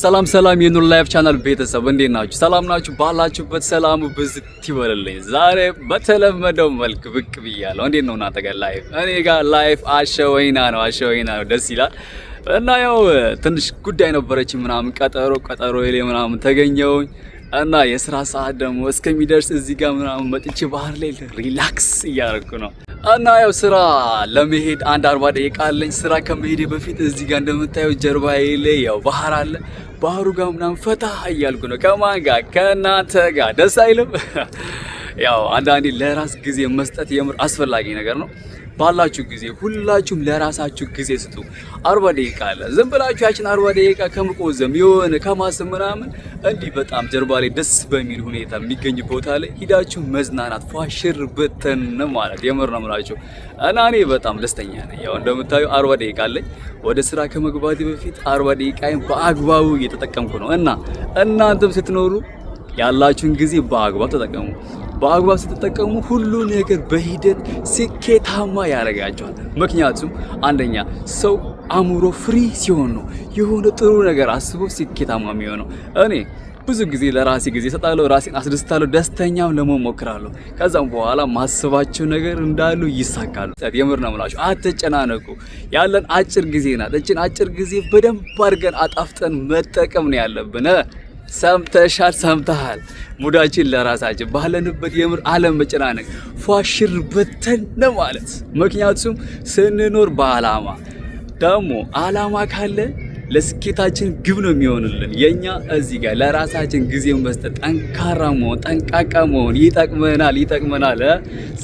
ሰላም ሰላም የኑር ላይፍ ቻናል ቤተሰብ እንዴት ናችሁ? ሰላም ናችሁ? ባላችሁበት ሰላሙ ብዝት ይበልልኝ። ዛሬ በተለመደው መልክ ብቅ ብያለሁ። እንዴት ነው እናንተ ጋር ላይፍ? እኔ ጋር ላይፍ አሸወይና ነው፣ አሸወይና ነው። ደስ ይላል። እና ያው ትንሽ ጉዳይ ነበረች ምናምን ቀጠሮ ቀጠሮ የሌ ምናምን ተገኘውኝ እና የስራ ሰዓት ደግሞ እስከሚደርስ እዚህ ጋር ምናምን መጥቼ ባህር ላይ ሪላክስ እያደረኩ ነው። እና ያው ስራ ለመሄድ አንድ አርባ ደቂቃ አለኝ። ስራ ከመሄድ በፊት እዚህ ጋር እንደምታየው ጀርባዬ ላይ ያው ባህር አለ። ባህሩ ጋር ምናምን ፈታ እያልኩ ነው። ከማን ጋር? ከእናንተ ጋር። ደስ አይልም? ያው አንዳንዴ ለራስ ጊዜ መስጠት የምር አስፈላጊ ነገር ነው። ባላችሁ ጊዜ ሁላችሁም ለራሳችሁ ጊዜ ስጡ። አርባ ደቂቃ አለ። ዝም ብላችሁ ያችን አርባ ደቂቃ ከምቆዘም የሆነ ከማስብ ምናምን እንዲህ በጣም ጀርባ ላይ ደስ በሚል ሁኔታ የሚገኝ ቦታ ላይ ሂዳችሁ መዝናናት ፏሽር ብትን ማለት የምር ነው ምላችሁ እና እኔ በጣም ደስተኛ ነኝ። ያው እንደምታዩ አርባ ደቂቃ አለኝ። ወደ ስራ ከመግባቴ በፊት አርባ ደቂቃዬን በአግባቡ እየተጠቀምኩ ነው እና እናንተም ስትኖሩ ያላችሁን ጊዜ በአግባብ ተጠቀሙ። በአግባብ ስትጠቀሙ ሁሉን ነገር በሂደት ስኬታማ ያደርጋቸዋል። ምክንያቱም አንደኛ ሰው አእምሮ ፍሪ ሲሆን ነው የሆነ ጥሩ ነገር አስቦ ስኬታማ የሚሆነው። እኔ ብዙ ጊዜ ለራሴ ጊዜ እሰጣለሁ፣ ራሴን አስደስታለሁ፣ ደስተኛም ለመሆን ከዛም በኋላ ማስባቸው ነገር እንዳሉ ይሳካሉ። የምር ነው የምላችሁ፣ አትጨናነቁ። ያለን አጭር ጊዜ ናት። እችን አጭር ጊዜ በደንብ አድርገን አጣፍጠን መጠቀም ነው ያለብን። ሰምተሻል፣ ሰምተሃል። ሙዳችን ለራሳችን ባለንበት የምር አለም መጨናነቅ ፏሽር በተን ነው ማለት። ምክንያቱም ስንኖር በአላማ ደግሞ አላማ ካለ ለስኬታችን ግብ ነው የሚሆንልን። የኛ እዚህ ጋር ለራሳችን ጊዜ መስጠት፣ ጠንካራ መሆን፣ ጠንቃቃ መሆን ይጠቅመናል ይጠቅመናል።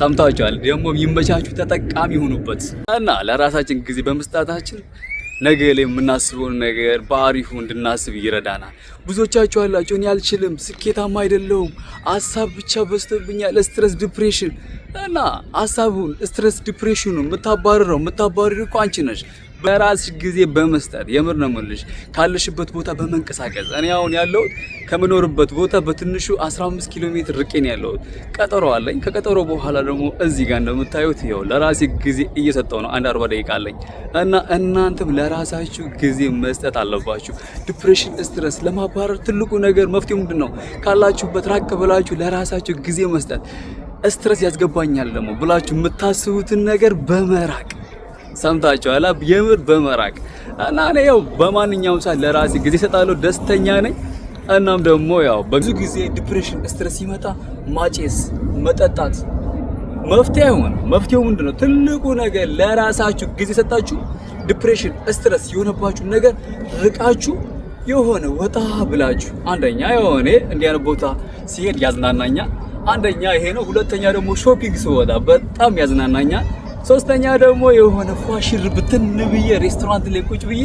ሰምታችኋል። ደግሞ የሚመቻችሁ ተጠቃሚ ሆኑበት እና ለራሳችን ጊዜ በመስጣታችን ነገ ላይ የምናስበውን ነገር በአሪፉ እንድናስብ ይረዳናል። ብዙዎቻችሁ አላቸው እኔ አልችልም፣ ስኬታማ አይደለሁም፣ ሀሳብ ብቻ በዝቶብኛል፣ ስትረስ ዲፕሬሽን እና ሀሳቡን ስትረስ ዲፕሬሽኑ የምታባርረው የምታባርር እኮ አንቺ ነሽ። በራስሽ ጊዜ በመስጠት የምር ነው የምልሽ፣ ካለሽበት ቦታ በመንቀሳቀስ እኔ አሁን ያለሁት ከምኖርበት ቦታ በትንሹ 15 ኪሎ ሜትር ርቄ ነው ያለሁት። ቀጠሮ አለኝ። ከቀጠሮ በኋላ ደግሞ እዚህ ጋር እንደምታዩት ይኸው ለራሴ ጊዜ እየሰጠው ነው። አንድ አርባ ደቂቃ አለኝ እና እናንተም ለራሳችሁ ጊዜ መስጠት አለባችሁ። ዲፕሬሽን፣ ስትረስ ለማባረር ትልቁ ነገር መፍትሄ ምንድን ነው? ካላችሁበት ራቅ ብላችሁ ለራሳችሁ ጊዜ መስጠት። ስትረስ ያስገባኛል ደግሞ ብላችሁ የምታስቡትን ነገር በመራቅ ሰምታችኋላ። የምር በመራቅ እና እኔ ያው በማንኛውም ሰዓት ለራሴ ጊዜ እሰጣለሁ፣ ደስተኛ ነኝ። እናም ደግሞ ያው በብዙ ጊዜ ዲፕሬሽን፣ ስትረስ ሲመጣ ማጨስ፣ መጠጣት መፍትሄ አይሆን። መፍትሄው ምንድነው? ትልቁ ነገር ለራሳችሁ ጊዜ ሰጣችሁ፣ ዲፕሬሽን፣ ስትረስ የሆነባችሁ ነገር ርቃችሁ የሆነ ወጣ ብላችሁ አንደኛ የሆነ እንዲያን ቦታ ሲሄድ ያዝናናኛል። አንደኛ ይሄ ነው። ሁለተኛ ደግሞ ሾፒንግ ስወጣ በጣም ያዝናናኛል። ሶስተኛ ደግሞ የሆነ ፏሽር ብትን ብዬ ሬስቶራንት ላይ ቁጭ ብዬ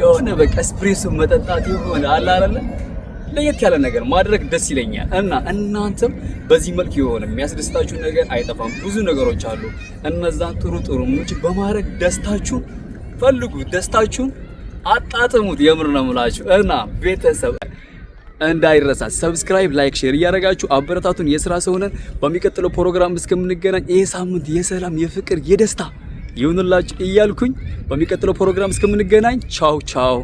የሆነ በቃ እስፕሬሶ መጠጣት የሆነ አለ አይደለ ለየት ያለ ነገር ማድረግ ደስ ይለኛል። እና እናንተም በዚህ መልክ የሆነ የሚያስደስታችሁ ነገር አይጠፋም። ብዙ ነገሮች አሉ። እነዛን ጥሩ ጥሩ ምንጭ በማድረግ ደስታችሁ ፈልጉ፣ ደስታችሁን አጣጥሙት። የምር ነው የምላችሁ እና ቤተሰብ እንዳይረሳ ሰብስክራይብ፣ ላይክ፣ ሼር እያደረጋችሁ አበረታቱን። የስራ ሰው ነን። በሚቀጥለው ፕሮግራም እስከምንገናኝ ይህ ሳምንት የሰላም የፍቅር፣ የደስታ ይሁንላችሁ እያልኩኝ በሚቀጥለው ፕሮግራም እስከምንገናኝ ቻው ቻው።